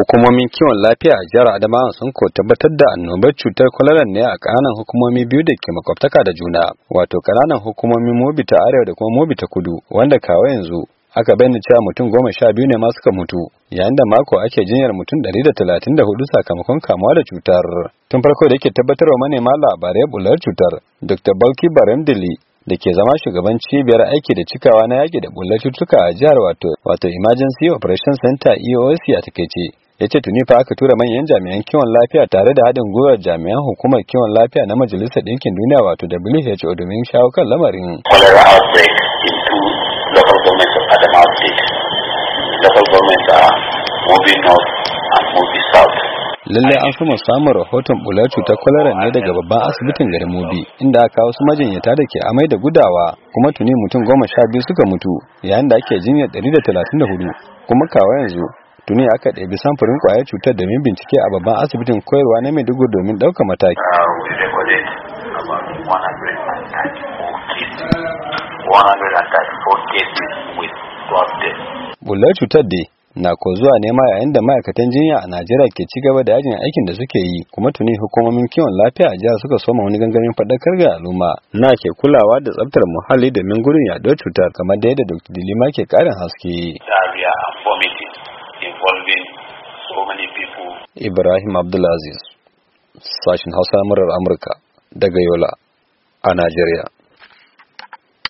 hukumomin kiwon lafiya a jihar adamawa sun ko tabbatar da annobar cutar kwalara ne a kananan hukumomi biyu da ke makwabtaka da juna wato kananan hukumomin mobi ta arewa da kuma mobi ta kudu wanda kawo yanzu aka bayyana cewa mutum goma sha biyu ne ma suka mutu yayin da mako ake jinyar mutum ɗari da talatin da hudu sakamakon kamuwa da cutar tun farko da yake tabbatar wa manema labarai bular cutar dr balki baremdili da ke zama shugaban cibiyar aiki da cikawa na yaki da bullar cutuka a jihar wato wato emergency operation center eoc a takaice ya ce tuni fa aka tura manyan jami'an kiwon lafiya tare da haɗin gwiwar jami'an hukumar kiwon lafiya na majalisar ɗinkin duniya wato WHO domin shawo kan lamarin. lallai an suma samun rahoton bular cutar kwalara ne daga babban asibitin garin mobi inda aka wasu majinyata da ke amai da gudawa kuma tuni mutum goma sha biyu suka mutu yayin da ake jinyar 134 kuma kawo yanzu tuni aka ɗabi samfurin ƙwayar cutar domin bincike a babban asibitin koyarwa na maiduguri domin ɗaukar mataki ah, bullar cutar dai na ko zuwa nema yayin da ma'aikatan jinya a Najeriya ke ci gaba da yajin aikin da suke yi kuma tuni hukumomin kiwon lafiya a jihar suka soma wani gangamin faɗakar ga al'umma na ke kulawa da tsaftar muhalli domin gurin yaɗuwar cutar kamar da yadda Dr. Dilima ke ƙarin haske. Ah, many people. Ibrahim Abdulaziz, sashin Hausa murar Amurka daga Yola a Najeriya.